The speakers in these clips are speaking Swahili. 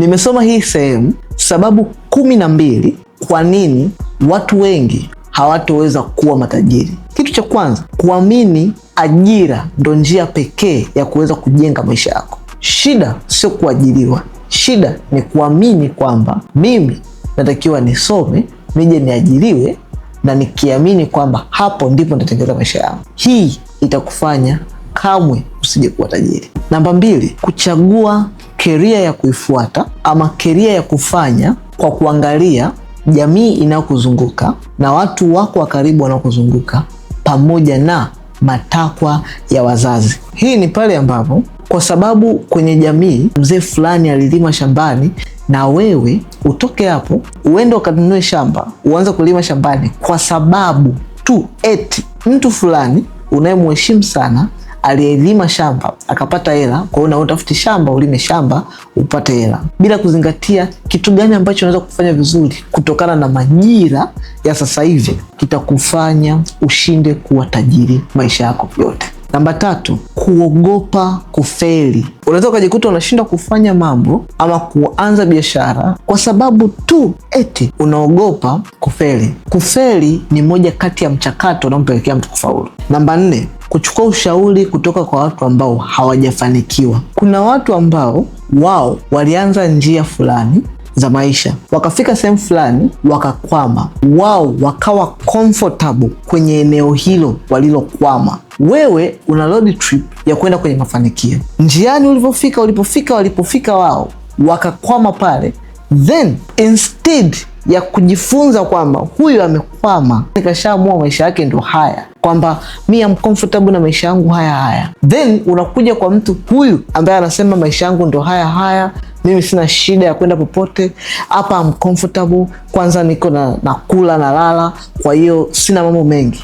Nimesoma hii sehemu sababu kumi na mbili kwa nini watu wengi hawatoweza kuwa matajiri. Kitu cha kwanza, kuamini ajira ndo njia pekee ya kuweza kujenga maisha yako. Shida sio kuajiriwa, shida ni kuamini kwamba mimi natakiwa nisome nije niajiriwe, na nikiamini kwamba hapo ndipo nitatengeneza maisha yangu. Hii itakufanya kamwe usije kuwa tajiri. Namba mbili, kuchagua keria ya kuifuata ama keria ya kufanya kwa kuangalia jamii inayokuzunguka na watu wako wa karibu wanaokuzunguka pamoja na matakwa ya wazazi. Hii ni pale ambapo kwa sababu kwenye jamii mzee fulani alilima shambani, na wewe utoke hapo uende ukanunue shamba uanze kulima shambani, kwa sababu tu eti mtu fulani unayemheshimu sana aliyelima shamba akapata hela. Kwa hiyo utafuti shamba ulime shamba upate hela, bila kuzingatia kitu gani ambacho unaweza kufanya vizuri kutokana na majira ya sasa hivi, kitakufanya ushinde kuwa tajiri maisha yako yote. Namba tatu, kuogopa kufeli. Unaweza ukajikuta unashindwa kufanya mambo ama kuanza biashara kwa sababu tu eti unaogopa kufeli. Kufeli ni moja kati ya mchakato unaompelekea mtu kufaulu. Namba nne, kuchukua ushauri kutoka kwa watu ambao hawajafanikiwa. Kuna watu ambao wao walianza njia fulani za maisha wakafika sehemu fulani wakakwama, wao wakawa comfortable kwenye eneo hilo walilokwama. Wewe una road trip ya kwenda kwenye mafanikio, njiani ulivyofika, ulipofika, walipofika wao wakakwama pale Then instead ya kujifunza kwamba huyu amekwama, nikashaamua maisha yake ndo haya, kwamba mi am comfortable na maisha yangu haya haya, then unakuja kwa mtu huyu ambaye anasema maisha yangu ndo haya haya, mimi sina shida ya kwenda popote hapa, am comfortable kwanza, niko na nakula na lala, kwa hiyo sina mambo mengi.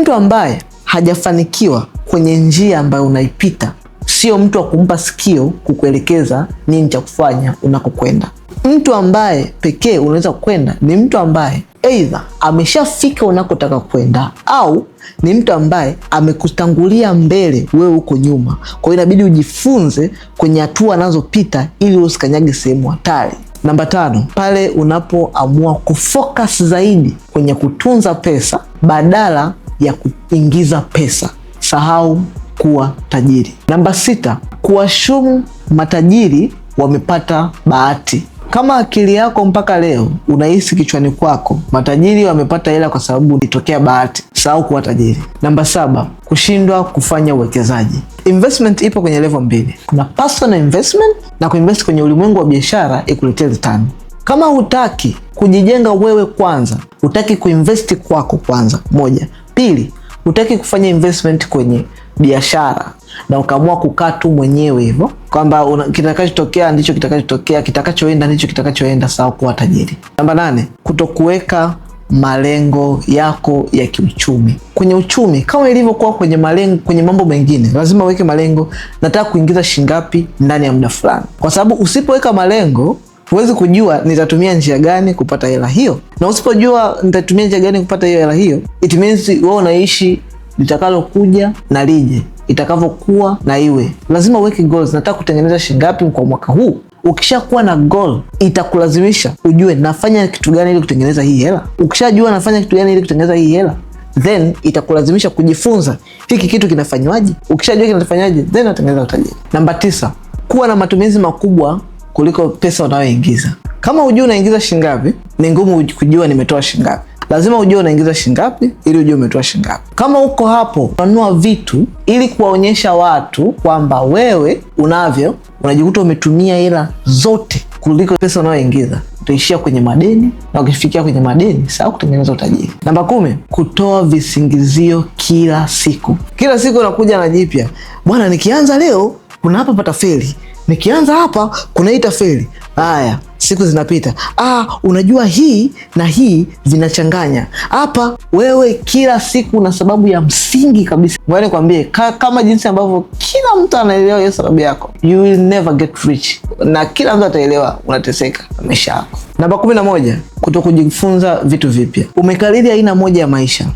Mtu ambaye hajafanikiwa kwenye njia ambayo unaipita sio mtu wa kumpa sikio kukuelekeza nini cha kufanya unakokwenda. Mtu ambaye pekee unaweza kwenda ni mtu ambaye aidha ameshafika unakotaka kwenda au ni mtu ambaye amekutangulia mbele, wewe huko nyuma. Kwa hiyo inabidi ujifunze kwenye hatua anazopita ili usikanyage sehemu hatari. Namba tano, pale unapoamua kufocus zaidi kwenye kutunza pesa badala ya kuingiza pesa, sahau kuwa tajiri. Namba sita, kuwashumu matajiri wamepata bahati. Kama akili yako mpaka leo unahisi kichwani kwako matajiri wamepata hela kwa sababu itokea bahati, sahau kuwa tajiri. Namba saba, kushindwa kufanya uwekezaji. Investment ipo kwenye level mbili, kuna personal investment na kuinvest kwenye ulimwengu wa biashara ikuletee return. Kama hutaki kujijenga wewe kwanza, hutaki kuinvesti kwako kwanza, moja. Pili, hutaki kufanya investment kwenye biashara na ukaamua kukaa tu mwenyewe hivyo kwamba kitakachotokea ndicho kitakachotokea, kitakachoenda ndicho kitakachoenda, sawa kuwa tajiri. Namba nane, kutokuweka malengo yako ya kiuchumi. Kwenye uchumi kama ilivyokuwa kwenye malengo, kwenye mambo mengine lazima uweke malengo. Nataka kuingiza shingapi ndani ya muda fulani, kwa sababu usipoweka malengo huwezi kujua nitatumia njia gani kupata hela hiyo, na usipojua nitatumia njia gani kupata hiyo hela hiyo, it means wewe unaishi litakalokuja na lije, itakavyokuwa na iwe. Lazima uweke goals. Nataka kutengeneza shilingi ngapi kwa mwaka huu? Ukishakuwa na goal, itakulazimisha ujue nafanya kitu gani ili kutengeneza hii hela. Ukishajua nafanya kitu gani ili kutengeneza hii hela then itakulazimisha kujifunza hiki kitu kinafanywaje. Ukishajua kinafanywaje, then natengeneza utajiri. Namba tisa, kuwa na matumizi makubwa kuliko pesa unayoingiza. Kama hujui unaingiza shingapi, ni ngumu kujua nimetoa shingapi. Lazima ujue unaingiza shingapi ili ujue umetoa shingapi. Kama uko hapo unanunua vitu ili kuwaonyesha watu kwamba wewe unavyo, unajikuta umetumia hela zote kuliko pesa unayoingiza utaishia kwenye madeni, na ukifikia kwenye madeni sahau kutengeneza utajiri. Namba kumi, kutoa visingizio kila siku. Kila siku unakuja na jipya, bwana, nikianza leo kuna hapa pata feli, nikianza hapa kuna hii tafeli. Haya, siku zinapita. Ah, unajua hii na hii zinachanganya hapa. Wewe kila siku na sababu ya msingi kabisa, ngoja nikwambie, ka, kama jinsi ambavyo kila mtu anaelewa hiyo sababu yako, you will never get rich, na kila mtu ataelewa unateseka maisha yako. Namba kumi na moja, kuto kujifunza vitu vipya. Umekariri aina moja ya maisha.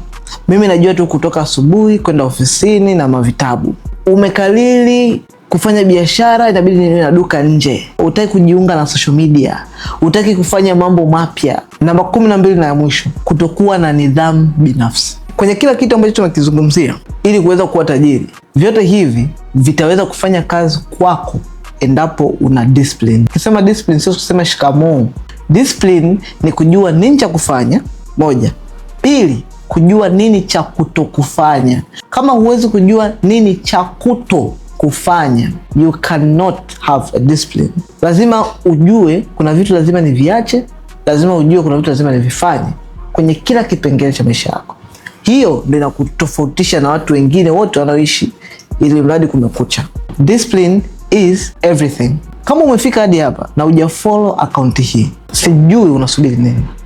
Mimi najua tu kutoka asubuhi kwenda ofisini na mavitabu. Umekariri kufanya biashara inabidi niwe na duka nje. Utaki kujiunga na social media, utaki kufanya mambo mapya. Namba kumi na mbili na ya mwisho, kutokuwa na nidhamu binafsi kwenye kila kitu ambacho tunakizungumzia ili kuweza kuwa tajiri. Vyote hivi vitaweza kufanya kazi kwako endapo una discipline. Kusema discipline sio kusema shikamoo. Discipline ni kujua nini cha kufanya moja, pili kujua nini cha kutokufanya. Kama huwezi kujua nini cha kuto kufanya. You cannot have a discipline. Lazima ujue kuna vitu lazima niviache, lazima ujue kuna vitu lazima nivifanye kwenye kila kipengele cha maisha yako. Hiyo ndio inakutofautisha na watu wengine wote wanaoishi ili mradi kumekucha. Discipline is everything. Kama umefika hadi hapa na ujafollow akaunti hii, sijui unasubiri nini.